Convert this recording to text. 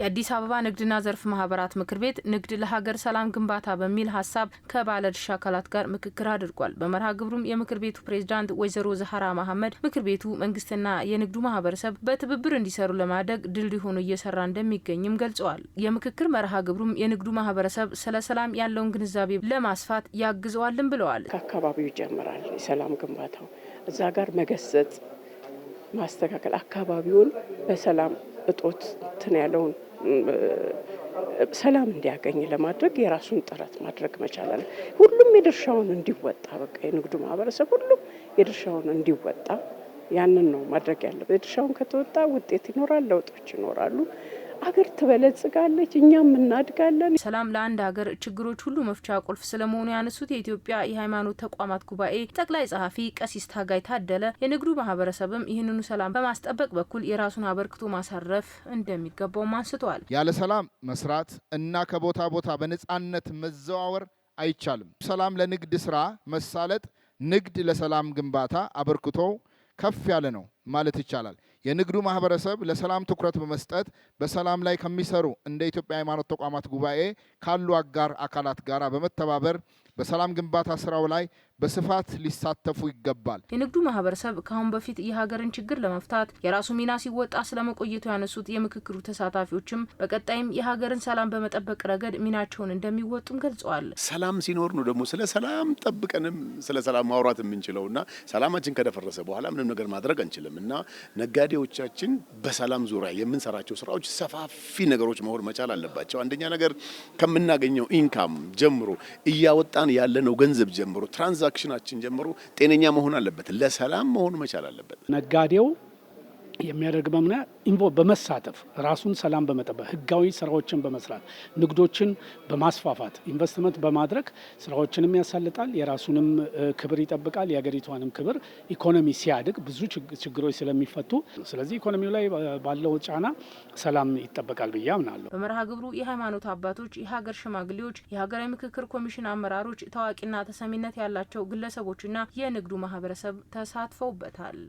የአዲስ አበባ ንግድና ዘርፍ ማህበራት ምክር ቤት ንግድ ለሀገር ሰላም ግንባታ በሚል ሀሳብ ከባለድርሻ አካላት ጋር ምክክር አድርጓል። በመርሃ ግብሩም የምክር ቤቱ ፕሬዝዳንት ወይዘሮ ዛህራ መሐመድ ምክር ቤቱ መንግስትና የንግዱ ማህበረሰብ በትብብር እንዲሰሩ ለማድረግ ድልድይ ሆኖ እየሰራ እንደሚገኝም ገልጸዋል። የምክክር መርሃ ግብሩም የንግዱ ማህበረሰብ ስለ ሰላም ያለውን ግንዛቤ ለማስፋት ያግዘዋልም ብለዋል። ከአካባቢው ይጀምራል የሰላም ግንባታው እዛ ጋር መገሰጽ፣ ማስተካከል አካባቢውን በሰላም እጦት እንትን ያለውን ሰላም እንዲያገኝ ለማድረግ የራሱን ጥረት ማድረግ መቻል አለ። ሁሉም የድርሻውን እንዲወጣ በቃ የንግዱ ማህበረሰብ ሁሉም የድርሻውን እንዲወጣ ያንን ነው ማድረግ ያለበት። የድርሻውን ከተወጣ ውጤት ይኖራል፣ ለውጦች ይኖራሉ። ሀገር ትበለጽጋለች፣ እኛም እናድጋለን። ሰላም ለአንድ ሀገር ችግሮች ሁሉ መፍቻ ቁልፍ ስለመሆኑ ያነሱት የኢትዮጵያ የሃይማኖት ተቋማት ጉባኤ ጠቅላይ ጸሐፊ ቀሲስ ታጋይ ታደለ የንግዱ ማህበረሰብም ይህንኑ ሰላም በማስጠበቅ በኩል የራሱን አበርክቶ ማሳረፍ እንደሚገባውም አንስተዋል። ያለ ሰላም መስራት እና ከቦታ ቦታ በነፃነት መዘዋወር አይቻልም። ሰላም ለንግድ ስራ መሳለጥ፣ ንግድ ለሰላም ግንባታ አበርክቶ ከፍ ያለ ነው ማለት ይቻላል። የንግዱ ማህበረሰብ ለሰላም ትኩረት በመስጠት በሰላም ላይ ከሚሰሩ እንደ ኢትዮጵያ ሃይማኖት ተቋማት ጉባኤ ካሉ አጋር አካላት ጋር በመተባበር በሰላም ግንባታ ስራው ላይ በስፋት ሊሳተፉ ይገባል። የንግዱ ማህበረሰብ ከአሁን በፊት የሀገርን ችግር ለመፍታት የራሱ ሚና ሲወጣ ስለመቆየቱ ያነሱት የምክክሩ ተሳታፊዎችም በቀጣይም የሀገርን ሰላም በመጠበቅ ረገድ ሚናቸውን እንደሚወጡም ገልጸዋል። ሰላም ሲኖር ነው ደግሞ ስለ ሰላም ጠብቀንም ስለ ሰላም ማውራት የምንችለው እና ሰላማችን ከደፈረሰ በኋላ ምንም ነገር ማድረግ አንችልም እና ነጋዴዎቻችን በሰላም ዙሪያ የምንሰራቸው ስራዎች ሰፋፊ ነገሮች መሆን መቻል አለባቸው። አንደኛ ነገር ከምናገኘው ኢንካም ጀምሮ እያወጣን ያለነው ገንዘብ ጀምሮ ትራንዛ ከትራንዛክሽናችን ጀምሮ ጤነኛ መሆን አለበት፣ ለሰላም መሆን መቻል አለበት ነጋዴው የሚያደርግ በምና ኢንቮ በመሳተፍ ራሱን ሰላም በመጠበቅ ህጋዊ ስራዎችን በመስራት ንግዶችን በማስፋፋት ኢንቨስትመንት በማድረግ ስራዎችንም ያሳልጣል፣ የራሱንም ክብር ይጠብቃል፣ የሀገሪቷንም ክብር። ኢኮኖሚ ሲያድግ ብዙ ችግሮች ስለሚፈቱ፣ ስለዚህ ኢኮኖሚው ላይ ባለው ጫና ሰላም ይጠበቃል ብዬ አምናለሁ። በመርሃ ግብሩ የሃይማኖት አባቶች፣ የሀገር ሽማግሌዎች፣ የሀገራዊ ምክክር ኮሚሽን አመራሮች፣ ታዋቂና ተሰሚነት ያላቸው ግለሰቦችና የንግዱ ማህበረሰብ ተሳትፈውበታል።